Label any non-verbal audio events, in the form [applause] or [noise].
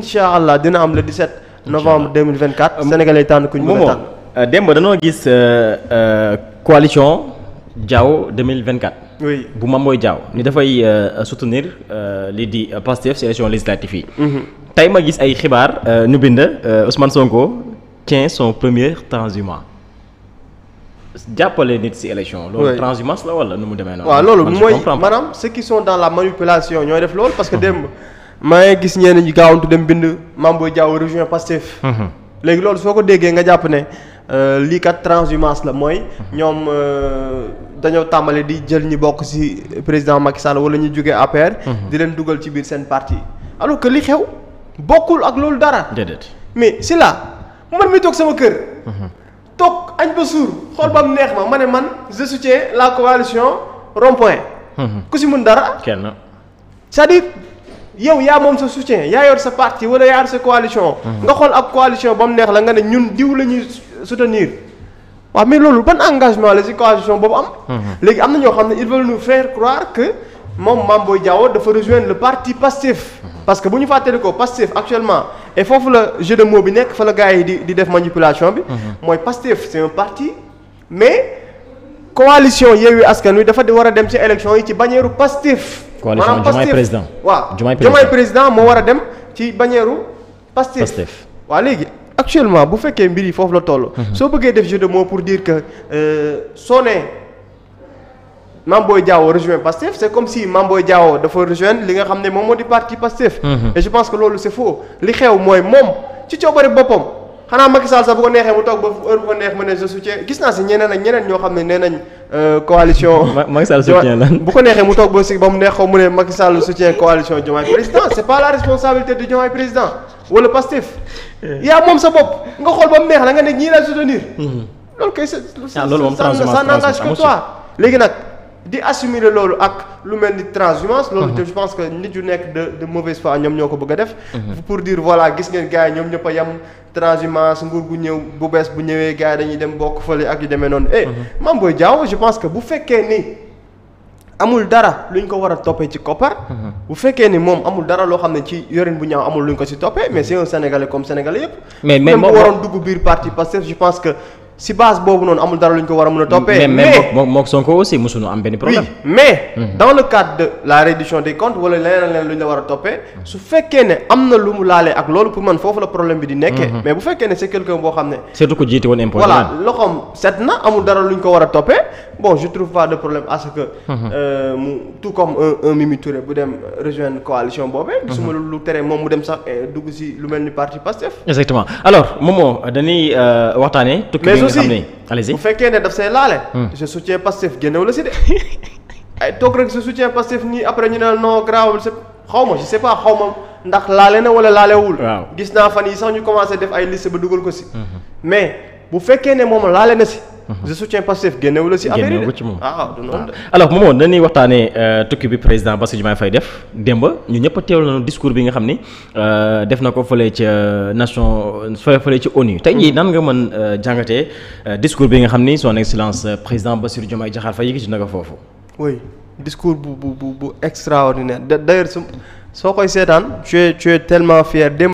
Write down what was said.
incha allah dina am le 17 novembre 2024. Euh, Sénégalais tànn ku ñu mën a tànn. Euh, démb danoo gis euh, coalition Diao 2024. bu ma mooy Diao ni dafay soutenir lii di Pastef ci élection législative yi. Mhm. tey ma gis ay xibaar nu bind Ousmane Sonko tient son premier transhumant. jàppale nit ci élection. loolu transhumance la wala nu mu demee noonu. waaw loolu mooy maanaam ceux qui sont dans la manipulation ñooy def loolu parce que [laughs] maa ngi gis ñeen ñu gaawantu dem bind Mame Boye Diao rejoint Pastef mhm. léegi loolu soo ko déggee nga jàpp ne euh, lii kat transhumance la mooy ñoom euh, dañoo tàmbale di jël ñi bokk ci président Macky Sall wala ñu jógee APR. Mhm. di leen dugal ci biir seen parti alors que li xew bokkul ak loolu dara. déedéet mais si la man mi toog sama kër. Mhm. toog añ ba suur xool ba mu neex ma ma ne man je soutiens la coalition rond ku ci mën dara. kenn yow yaa moom sa soutien yaa yor sa parti wala yaa yor sa coalition. Mhm. nga xool ab coalition ba neex la nga ne ñun diw la ñuy soutenir waaw mais loolu ban engagement la ci coalition boobu am. Mhm. léegi am na ñoo xam ne ils veulent nous faire croire que moom Mame Boye Diao dafa rejoindre le parti Pastef. Mhm. parce que bu ñu fàttali ko Pastef actuellement et foofu la jeu de mots bi nekk fa la gars yi di di def manipulation bi. mooy Pastef c'est un parti mais coalition Yewwi Askan Wi dafa war dem ci élection yi ci bannière Pastef. coalition Diomaye président waaw Diomaye président moo war a dem ci bannière Pastef waa waaw léegi actuellement bu fekkee mbir yi foofu la toll. Mhm. soo bëggee def jeu de pour diir que euh, soo nee Mame Boye Diao rejoint c' est comme si Mame Boye dafa rejoindre li nga xam ne moom moo di parti Pastef. Mhm. et je pense que loolu c' est faux li xew mooy moom ci coobare boppam xanaa Macky Sall sax bu ko neexee mu toog ba heure bu ko neex mu ne je soutiens gis naa si ñeneen ak ñeneen ñoo xam ne nee nañ. Euh, coalition. Macky Sall soutien lan bu ko neexee mu toog ba si ba mu neex ko mu ne Macky Sall soutien coalition Diomaye président c'est pas la responsabilité de Diomaye président wala Pastef. Eh. yaa moom sa bopp nga xool ba mu neex la nga ne ñii laa soutenir. Mm-hmm. loolu kay sa. ah loolu moom ça n'engage que léegi nag. di assimiler loolu ak lu mel ni transhumance. loolu mhm. te je pense que nit ju nekk de de mauvaise foi ñoom ñoo ko bëgg a def. Mhm. pour dire voilà gis ngeen gars yi ñoom ñëpp a yem transhumance nguur gu ñëw bu bees bu ñëwee gars yi dañuy dem bokk fële ak yu demee noonu. eh mhm. Mame Boye Diao je pense que bu fekkee ni. amul dara lu luñ ko war a toppee ci koppar. bu fekkee ni moom amul dara loo xam ne ci yorin bu ñaaw amul luñ ko si toppee mais c'est un sénégalais comme sénégalais yëpp. mais mais moom waroon parti parce que je pense que si base boobu noonu amul dara lu ñu ko war a mën a toppee. mais mais moom Sonko aussi mosuñu am benn problème. oui mais. Mhm. dans le cadre de la reddition des comptes wala leneen ak leneen lu ñu la war a toppee. su fekkee ne am na lu mu laalee ak loolu pour man foofu la problème bi di nekkee. Mhm. mais bu fekkee ne c'est quelqu'un boo xam ne. surtout ko jiite woon impôt voilà loxoom set na amul dara lu ñu ko war a toppee. bon je trouve pas de problème à ce que. Mhm. Euh, mu tout comme euh, un un Touré bu dem rejoindre coalition boobee. Mhm. gisuma lu tere moom mu dem sax eh, dugg si lu mel ni parti Pastef. exactement alors Momo dañuy euh, waxtaanee. tukki bi nga xam ne allez-y bu fekkee ne daf say laale. Hmm. je soutiens Pastef génnew la si de. [laughs] ay toog rek je soutiens Pastef nii après ñu ne non garaawul c'est xaw ma je sais pas xaw ma ndax laale na wala laalewul gis naa fan yi sax ñu commencé def ay liste ba dugal ko si. Hmm. Mhm. je soutiens Pastef génnewu la si affaire yi de ah du noonu ah. Euh, bi président Bassirou ñu ñëpp a teewlu nañu discours bi nga xam ni euh, def na ko fële ca euh, nation fële ci ONU. tey jii mhm. nan nga mën jàngatee discours bi nga xam ni son excellence président Bassirou Diomaye Diakhar Faye yëkkati na ko foofu. oui discours bu bu bu bu extraordinaire soo koy seetaan tu es tu fier